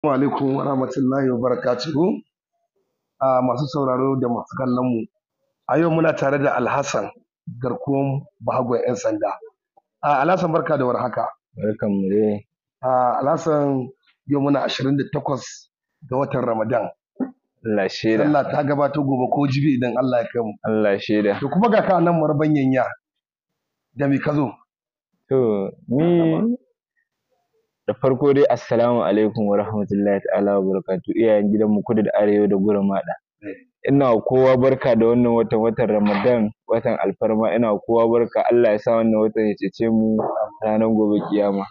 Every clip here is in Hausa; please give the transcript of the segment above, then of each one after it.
Assalamu alaikum wa rahmatullahi wa barakatuhu a masu sauraro da masu kallon mu a yau muna tare da alhassan garkuwan bahagwan 'yan sanda a alhassan barka da warhaka barkan mu dai a alhassan yau muna 28 ga watan ramadan Allah shaida Allah ta gabato gobe ko jibi idan Allah ya kai mu Allah shaida to kuma ga ka nan marban yanya da mi ka zo to ni da farko dai assalamu alaikum wa rahmatullahi ta'ala wa barakatu iyayen gidan mu kudu da arewa da gurin mada ina kowa barka da wannan watan watan ramadan watan alfarma ina kowa barka Allah ya sa wannan watan ya cece mu ranar gobe kiyama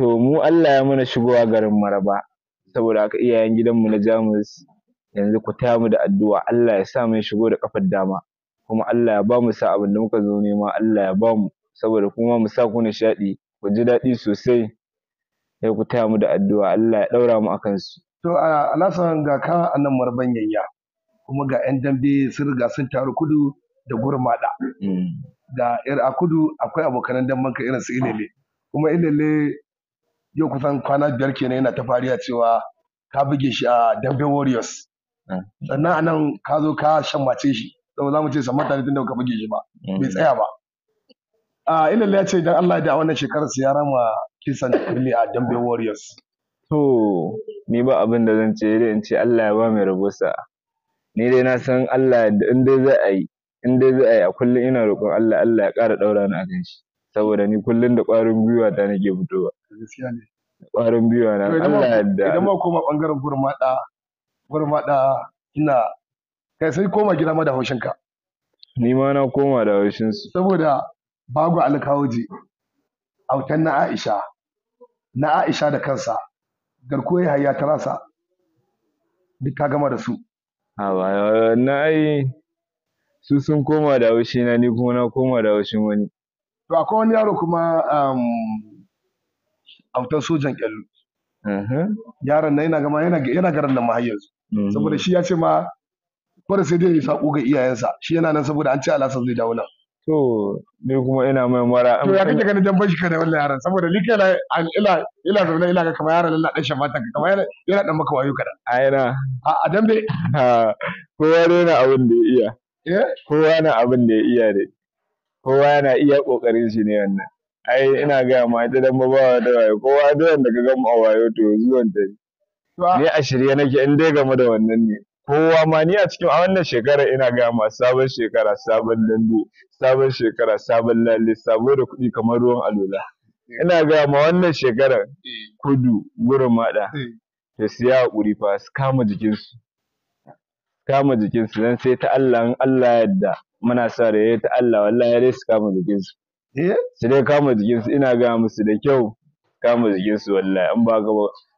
to mu Allah ya mana shigowa garin maraba saboda haka iyayen gidan mu na jamus yanzu ku taya mu da addu'a Allah ya sa mu shigo da kafar dama kuma Allah ya ba mu sa abin da muka zo nema Allah ya ba mu saboda kuma mu sa ku nishaɗi ku ji daɗi sosai sai ku taya mu da addu'a Allah ya ɗaura mu akan su. To a lasan ga ka anan marban yayya kuma ga 'yan dambe sun riga sun taru kudu da gurmaɗa. Mm. Ga yar a kudu akwai abokan damban ka irin su ilele. Kuma ilele yau kusan kwana biyar kenan yana ta fariya cewa ka buge shi a dambe warriors. Mm. Sannan anan ka zo ka shan mace shi. Saboda za mu ce samanta ne tun da ka buge shi ba. Mm. Bai tsaya ba. a eh, ya ce idan Allah da wannan shekarar su ya rama kisan kirli a Dambe Warriors. To ni ba abin da zan ce dai in ce Allah ya ba mai rabo Ni dai na san Allah in dai za a yi in dai za a yi a kullum ina roƙon Allah Allah ya ƙara ɗaura ni akan shi saboda ni kullum da ƙwarin gwiwa ta nake fitowa. Ƙwarin gwiwa na Allah ya da Idan ma koma ɓangaren gurmaɗa gurmaɗa ina kai sai koma gida ma da haushinka. Ni ma na koma da haushinsu. Saboda bago alkawoji autan na aisha na aisha da kansa garkuwa ya hayya ta rasa duk ka gama da su a ba na ai su sun koma da haushi na ni kuma na koma da haushin wani to akwai wani yaro kuma um, autan sojan kyallu yaron na yana gama yana garin da har mhm. saboda shi ya ce ma kwara sai dai ya saƙo ga iyayensa shi yana nan saboda an ce alasa zai dawo nan to ni kuma ina mai mara to ya kake ganin dan bashi kada wannan yaran saboda ni kai ila ila da ila ga kamar yaran Allah dan mata ka kamar yana ɗan maka wayo kaɗan. a yana a dambe kowa ne na abin da ya iya eh? kowa na abin da ya iya dai kowa yana iya ƙoƙarin shi ne wannan ai ina gaya ma ita dan ba da wayo kowa duk wanda ka gama a wayo to zuwan ta ne a shirye nake in dai game da wannan ne kowa ma ni a cikin a wannan shekarar ina ga ma sabon shekara sabon lalle sabon shekara sabon lalle sabo da kuɗi kamar ruwan alola ina ga ma wannan shekarar kudu gurin maɗa da siya hakuri fa su kama jikinsu kama jikinsu dan sai ta Allah in Allah yadda muna sa da ta Allah wallahi dai su kama jikinsu eh? su dai kama jikinsu ina ga musu da kyau kama jikinsu wallahi in ba ga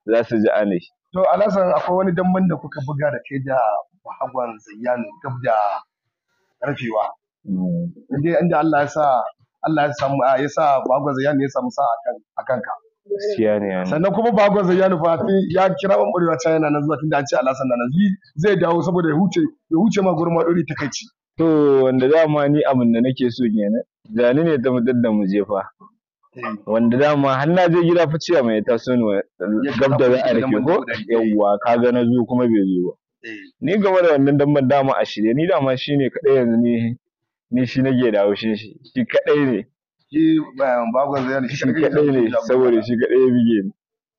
za su ji ane. To Alasan akwai wani damban da kuka buga da kai da Bahagwan Zayyan gab da rafewa. Mm. Inda inda Allah ya sa Allah ya samu ya sa Bahagwan Zayyan ya samu sa akan akan ka. Gaskiya ne yana. Sannan kuma Bahagwan Zayyan fa ya kira bambarewa ta yana nan zuwa tunda an ce Alasan na nan zai dawo saboda ya huce ya huce ma gurma dori takaici. To wanda dama ni abin da nake so kenan. Zani ne ta mutar da mu jefa. wanda dama har na je gida fi cewa mai ta sunu gab da za'a rike ko yawwa ka ga na zo kuma bai zo ba eh. ni game da wannan damban dama a shirye ni dama shine kadai yanzu ni ni shi nake da haushin shi shi kadai ne shi bagon zai shi kadai ne saboda shi kadai ya bige ni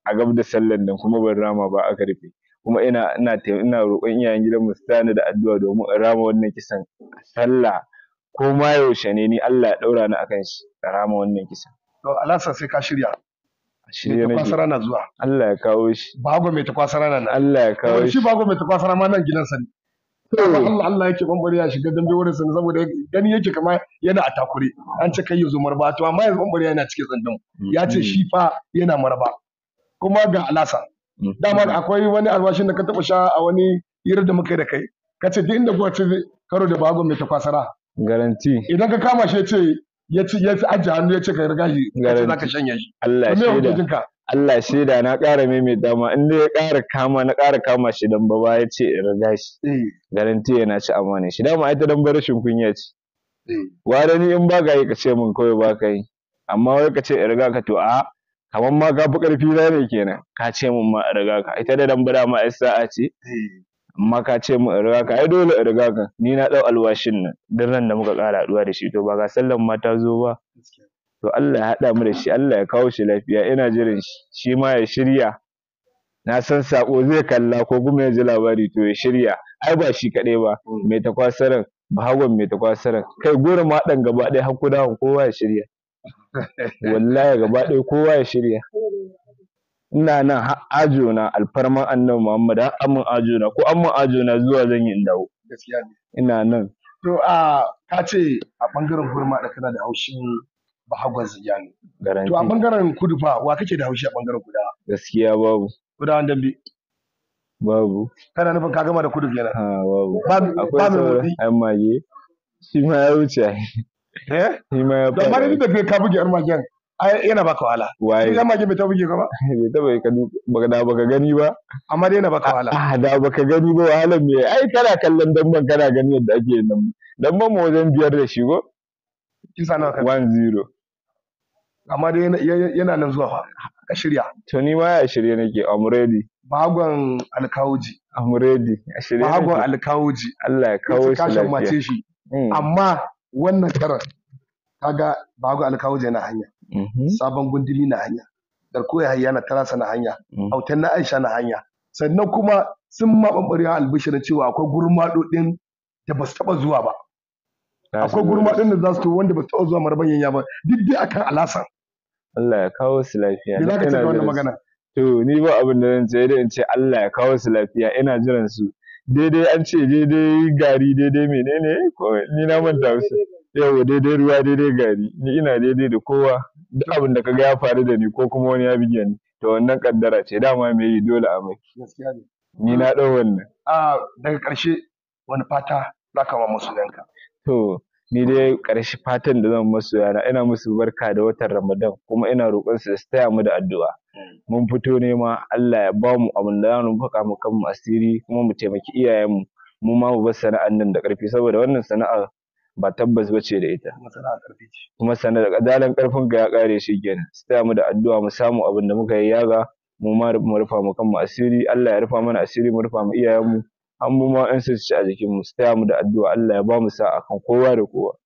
a gab da sallan nan kuma ban rama ba aka rufe kuma ina ina ina roƙon iyayen gidan mu su tani da addu'a domin in rama wannan kisan sallah ko ma yaushe ne ni Allah ya daura ni akan shi rama wannan kisan to alasa sai ka shirya shirya nake kwasara na zuwa Allah ya kawo shi bago mai ta kwasara nan Allah ya kawo shi bago mai ta kwasara ma nan gidan gidansa ne Allah Allah yake bambare ya shiga dambe wurin sa saboda gani yake kama yana a takure an ce kai yazo marba to amma yanzu bambare yana cikin tsandin ya ce mm. shi fa yana marba kuma ga alasa mm. dama akwai wani alwashin da ka taba sha a wani hirar da muka yi da kai ka ce duk inda kuwa karo da bago mai ta kwasara garanti idan ka kama shi ya ce ya ci ya fi ajiye hannu ya ce ka riga shi ka ce shanya shi Allah shaida Allah shaida na ƙara mai dama in dai ya ƙara kama na ƙara kama shi dan baba ya ce in riga shi eh. garanti yana ci amana shi dama ai ta dan bar rashin kunya ce eh. ware ni in ba ka yi ka ce min kawai ba ka yi amma wai ka ce in riga ka to a kamar ma ka fi ƙarfi na ne kenan ka ce min ma in riga ka ita da dan bada ma sa'a ce eh. amma ka ce mu in riga ka ai dole in riga ka ni na dau alwashin nan duk nan da muka kara haɗuwa da shi to ba ga sallan ma ta zo ba to Allah ya haɗa mu da shi Allah ya kawo shi lafiya ina jiran shi shi ma ya shirya na san sako zai kalla ko kuma ya ji labari to ya shirya ai ba shi kaɗai ba mai takwasaran bahagon mai takwasaran kai gurin ma dan gaba ɗaya hakuna kowa ya shirya wallahi gaba ɗaya kowa ya shirya ina nan har ajo na alfarman annabi Muhammad har amin ajo na ko amin ajo na zuwa zan yi in dawo gaskiya ne ina nan to a ka ce a bangaren hurma da kana da haushin bahagwan ziyani to a bangaren kudu fa wa kake da haushi a bangaren kuda gaskiya babu an dambe babu kana nufin ka gama da kudu kenan ah babu akwai sauran ayan mage shi ma ya wuce eh shi ma ya fara da ma da ka buge armagen yana baka wahala waye ma ji bai tabuge ka ba bai tabuge ka baka da baka gani ba amma dai yana baka wahala ah, ah da baka gani ba wahala me ai kana kallon damban kana gani yadda ake yin damban damban mu wajen biyar da shi go kisa nawa kai 1-0 amma dai yana nan zuwa fa ka shirya to ni ma ya shirye nake I'm ready bagon alkawuji I'm ready a shirye bagon alkawuji Allah ya kawo shi lafiya kashin mace shi hmm. amma wannan karar kaga bagon alkawuji na hanya Mm-hmm. sabon gundumi na hanya garkuwa hanya na tarasa na hanya mm-hmm. autan na aisha na hanya sannan kuma sun maɓanɓarewa albishirin cewa akwai gurmaɗo ɗin da ba su taɓa zuwa ba akwai gurmaɗin da za su wanda ba su taɓa zuwa marbanyan ya ba duk dai akan alasan Allah ya kawo su lafiya Ina ka ce wannan magana to ni ba abin da zan ce yadda in ce Allah ya kawo su lafiya ina jiran su daidai an ce daidai gari daidai menene ko ni na manta su yau daidai ruwa daidai gari ni ina daidai da kowa duk abin da kaga ya faru da ni ko kuma wani ya bige ni to wannan kaddara ce dama me yi dole a mai gaskiya ne ni na dau wannan a daga karshe wani fata zaka musu danka to ni dai karshe fatan da zan musu yana ina musu barka da watan Ramadan kuma ina roƙon su su taya mu da addu'a hmm. mun fito ne ma Allah ya ba mu abin da mu faka mu kanmu asiri kuma mu taimaki iyayenmu mu ma mu bar sana'an nan da karfi saboda wannan sana'a ba tabbas ba ce da ita kuma sanar da dalan karfin ka ya kare shi kenan su taya mu da addu'a mu samu abin da muka yi yaga mu ma mu rufa mu kanmu asiri Allah ya rufa mana asiri mu rufa mu iyayen mu an mu ma an su ci a jikin mu su taya mu da addu'a Allah ya ba mu sa kan kowa da kowa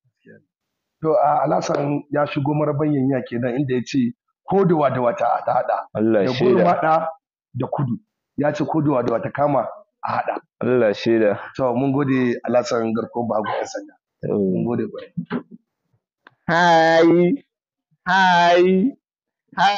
to a alasan ya shigo mara bayyana kenan inda ya ce ko da wata wata ta hada Allah da da kudu ya ce ko da wata wata kama a hada Allah shaida to mun gode alasan garkon ba ku sanya ừ. không mua được vậy hai hai hai